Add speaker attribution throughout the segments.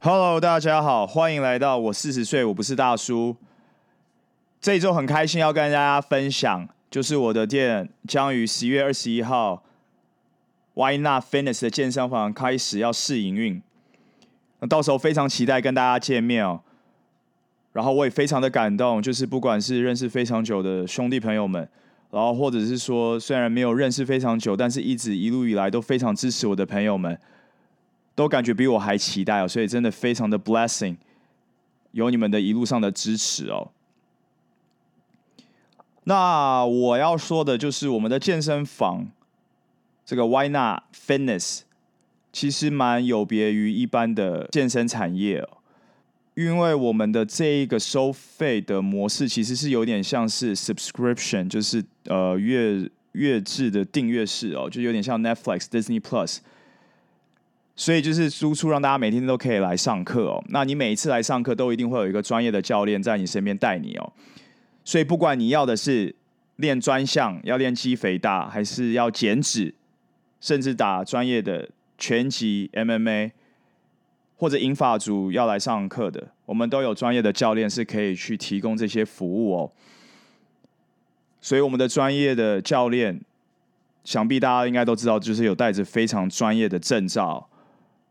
Speaker 1: Hello，大家好，歡迎來到我四十歲我不是大叔。這一周很開心要跟大家分享，就是我的店將於十一月二十一號，Why Not Fitness 的健身房開始要試營運。那到時候非常期待跟大家見面哦、喔。然後我也非常的感動，就是不管是認識非常久的兄弟朋友們，然後或者是說雖然沒有認識非常久，但是一直一路以來都非常支持我的朋友們。都感覺比我還期待哦，所以真的非常的 blessing，有你們的一路上的支持哦。那我要說的就是我們的健身房，這個 Why Not Fitness，其實蠻有別於一般的健身產業哦，因為我們的這一個收費的模式其實是有點像是 subscription，就是呃月月制的訂閱式哦，就有點像 Netflix、Disney Plus。所以就是輸出讓大家每天都可以來上課哦。那你每一次來上課，都一定會有一個專業的教練在你身邊帶你哦。所以不管你要的是練專項，要練肌肥大，還是要減脂，甚至打專業的拳擊、MMA 或者銀髮族要來上課的，我們都有專業的教練是可以去提供這些服務哦。所以我們的專業的教練，想必大家應該都知道，就是有帶着非常專業的證照。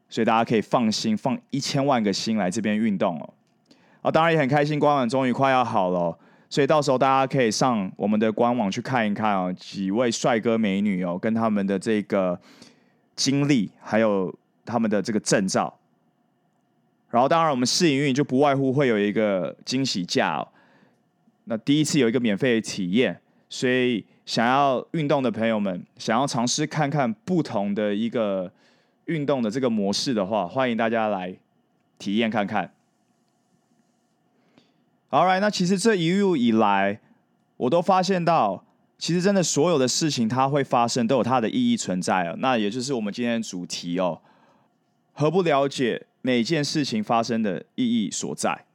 Speaker 1: 所以大家可以放心放一千萬個心來這邊運動哦，啊，當然也很開心，官網終於快要好了喔，所以到時候大家可以上我們的官網去看一看哦喔，幾位帥哥美女哦喔，跟他們的這個經歷，還有他們的這個證照，然後當然我們試營運就不外乎會有一個驚喜價喔，那第一次有一個免費體驗，所以想要運動的朋友們，想要嘗試看看不同的一個。運動的這個模式的話，歡迎大家來體驗看看。All right，那其實這一路以來，我都發現到，其實真的所有的事情它會發生，都有它的意義存在哦、喔。那也就是我們今天的主題哦、喔，何不了解每件事情發生的意義所在？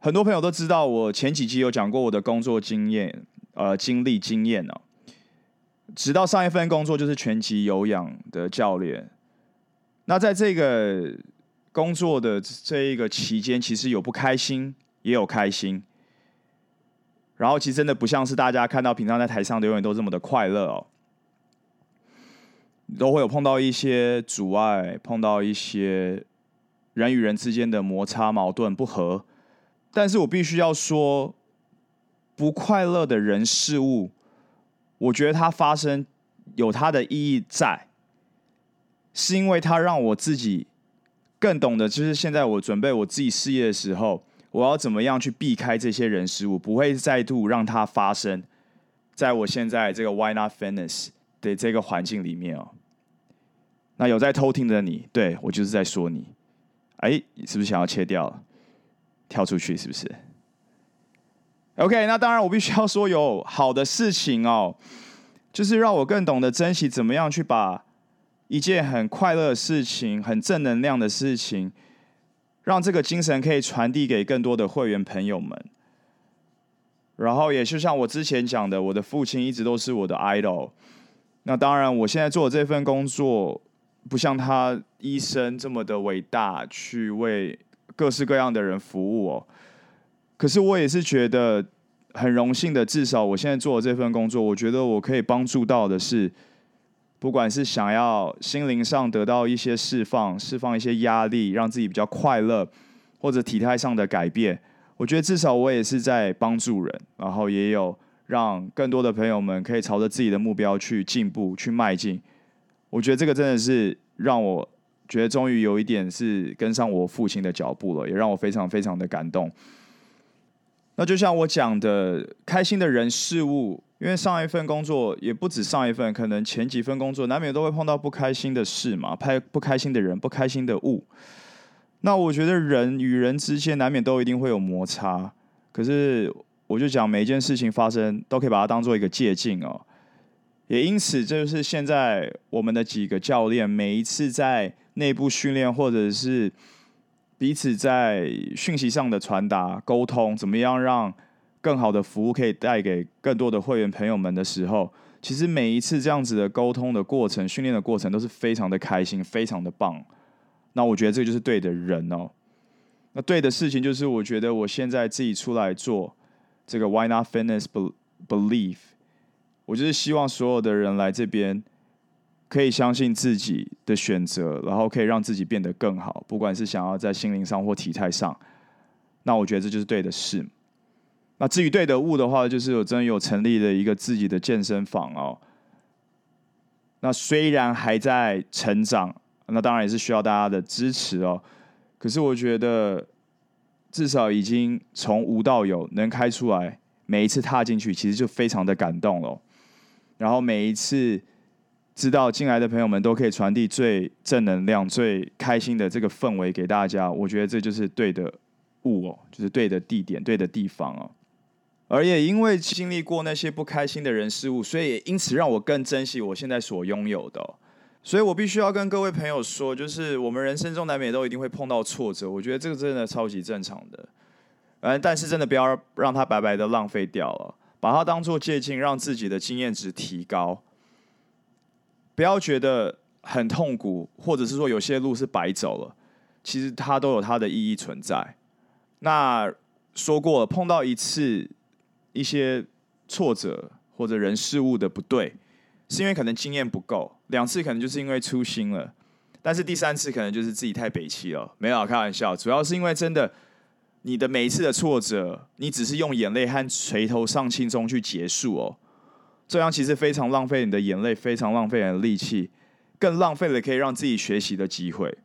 Speaker 1: 很多朋友都知道，我前幾集有講過我的工作經驗、呃經歷經驗哦、喔。直到上一份工作就是拳擊有氧的教練。那在這個工作的這一個期間，其實有不開心，也有開心。然後其實真的不像是大家看到平常在台上的永遠都這麼的快樂哦，都會有碰到一些阻礙，碰到一些人與人之間的摩擦、矛盾、不和。但是我必須要說，不快樂的人事物，我覺得它發生有它的意義在。是因為它讓我自己更懂得，就是現在我準備我自己事業的時候，我要怎麼樣去避開這些人事物，不會再度讓它發生在我現在這個 Why Not Fitness 的這個環境裡面哦、喔。那有在偷聽的你，對，我就是在說你，哎、欸，是不是想要切掉了？跳出去是不是？OK，那當然我必須要說有好的事情哦、喔，就是讓我更懂得珍惜，怎麼樣去把。一件很快樂的事情，很正能量的事情，讓這個精神可以傳遞給更多的會員朋友們。然後也就像我之前講的，我的父親一直都是我的 idol。那當然，我現在做的這份工作不像他醫生這麼的偉大，去為各式各樣的人服務哦。可是我也是覺得很榮幸的，至少我現在做的這份工作，我覺得我可以幫助到的是。不管是想要心靈上得到一些釋放，釋放一些壓力，讓自己比較快樂，或者體態上的改變，我覺得至少我也是在幫助人，然後也有讓更多的朋友們可以朝着自己的目標去進步、去邁進。我覺得這個真的是讓我覺得終於有一點是跟上我父親的腳步了，也讓我非常非常的感動。那就像我講的，開心的人事物，因為上一份工作也不止上一份，可能前幾份工作難免都會碰到不開心的事嘛，拍不開心的人，不開心的物。那我覺得人與人之間難免都一定會有摩擦，可是我就講，每一件事情發生，都可以把它當做一個借鏡哦、喔。也因此，這就是現在我們的幾個教練每一次在內部訓練或者是。彼此在訊息上的傳達、溝通，怎麼樣讓更好的服務可以帶給更多的會員朋友們的時候，其實每一次這樣子的溝通的過程、訓練的過程都是非常的開心、非常的棒。那我覺得這就是對的人哦、喔。那對的事情就是，我覺得我現在自己出來做這個 Why Not Fitness Belief，我就是希望所有的人來這邊。可以相信自己的選擇，然後可以讓自己變得更好，不管是想要在心靈上或體態上，那我覺得這就是對的事。那至於對的物的話，就是我真的有成立了一個自己的健身房哦。那雖然還在成長，那當然也是需要大家的支持哦。可是我覺得至少已經從無到有能開出來，每一次踏進去其實就非常的感動了哦。然後每一次。知道進來的朋友們都可以傳遞最正能量，最開心的這個氛圍給大家，我覺得這就是對的物哦、喔，就是對的地點，對的地方哦、喔。而也因為經歷過那些不開心的人事物，所以也因此讓我更珍惜我現在所擁有的、喔。所以我必須要跟各位朋友說，就是我們人生中難免都一定會碰到挫折，我覺得這個真的超級正常的。嗯，但是真的不要讓它白白的浪費掉了，把它當做借鏡，讓自己的經驗值提高。不要覺得很痛苦，或者是說有些路是白走了，其實它都有它的意義存在。那說過了，碰到一次一些挫折或者人事物的不對，是因為可能經驗不夠，兩次可能就是因為粗心了，但是第三次可能就是自己太北七了。沒有開玩笑，主要是因為真的，你的每一次的挫折，你只是用眼淚和垂頭喪氣中去結束哦。這樣其實非常浪費你的眼淚，非常浪費你的力氣，更浪費了可以讓自己學習的機會。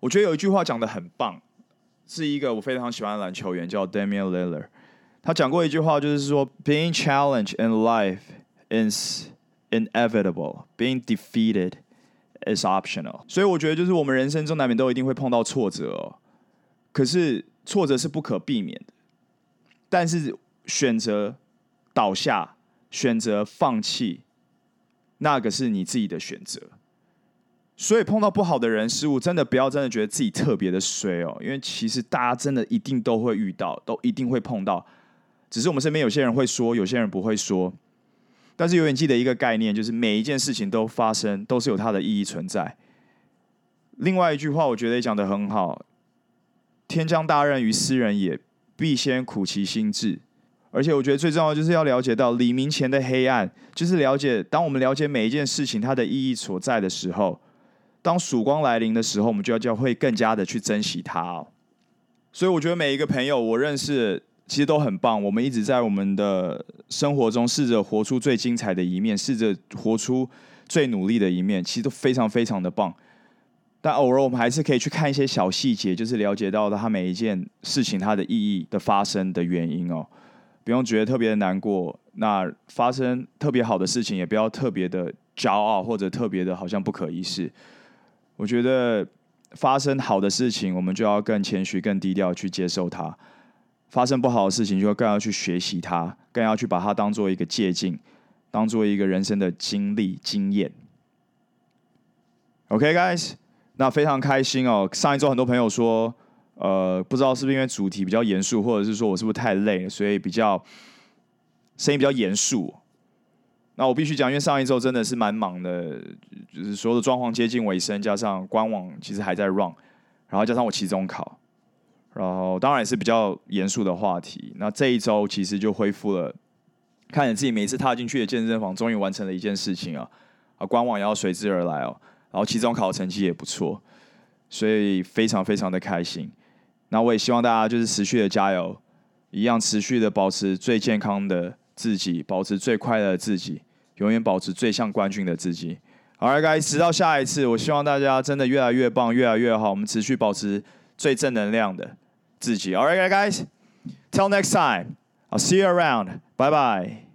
Speaker 1: 我覺得有一句話講得很棒，是一個我非常喜歡的籃球員叫 Damian Lillard。他講過一句話，就是說 Being challenged in life is inevitable, being defeated is optional。所以我覺得，就是我們人生中難免都一定會碰到挫折哦，可是挫折是不可避免的，但是選擇。倒下，選擇放棄，那個是你自己的選擇。所以碰到不好的人事物，我真的不要真的覺得自己特別的衰哦，因為其實大家真的一定都會遇到，都一定會碰到。只是我們身邊有些人會說，有些人不會說。但是永遠記得一個概念，就是每一件事情都發生，都是有它的意義存在。另外一句話，我覺得也講得很好：“天將大任於斯人也，必先苦其心志。”而且我覺得最重要的就是要了解到黎明前的黑暗，就是了解當我們了解每一件事情它的意義所在的時候，當曙光來臨的時候，我們就要就會更加的去珍惜它哦。所以我覺得每一個朋友我認識，其實都很棒。我們一直在我們的生活中試着活出最精彩的一面，試着活出最努力的一面，其實都非常非常的棒。但偶爾我們還是可以去看一些小細節，就是了解到它每一件事情它的意義的發生的原因哦。不用覺得特別的難過，那發生特別好的事情也不要特別的驕傲，或者特別的好像不可一世。我覺得發生好的事情，我們就要更謙虛、更低調去接受它；發生不好的事情，就更要去學習它，更要去把它當做一個借鏡，當做一個人生的經歷、經驗。OK，guys，、okay，那非常開心哦、喔。上一周很多朋友說。呃，不知道是不是因為主題比較嚴肅，或者是說我是不是太累了，所以比較聲音比較嚴肅。那我必須講，因為上一周真的是蠻忙的，就是所有的裝潢接近尾聲，加上官網其實還在 run，然後加上我期中考，然後當然是比較嚴肅的話題。那這一周其實就恢復了，看着自己每次踏進去的健身房，終於完成了一件事情啊！啊，官網也要隨之而來哦，然後期中考的成績也不錯，所以非常非常的開心。那我也希望大家就是持續的加油，一樣持續的保持最健康的自己，保持最快樂的自己，永遠保持最像冠軍的自己。Alright, guys，直到下一次，我希望大家真的越來越棒，越來越好。我們持續保持最正能量的自己。Alright, guys，till next time，I'll see you around，Bye bye, bye.。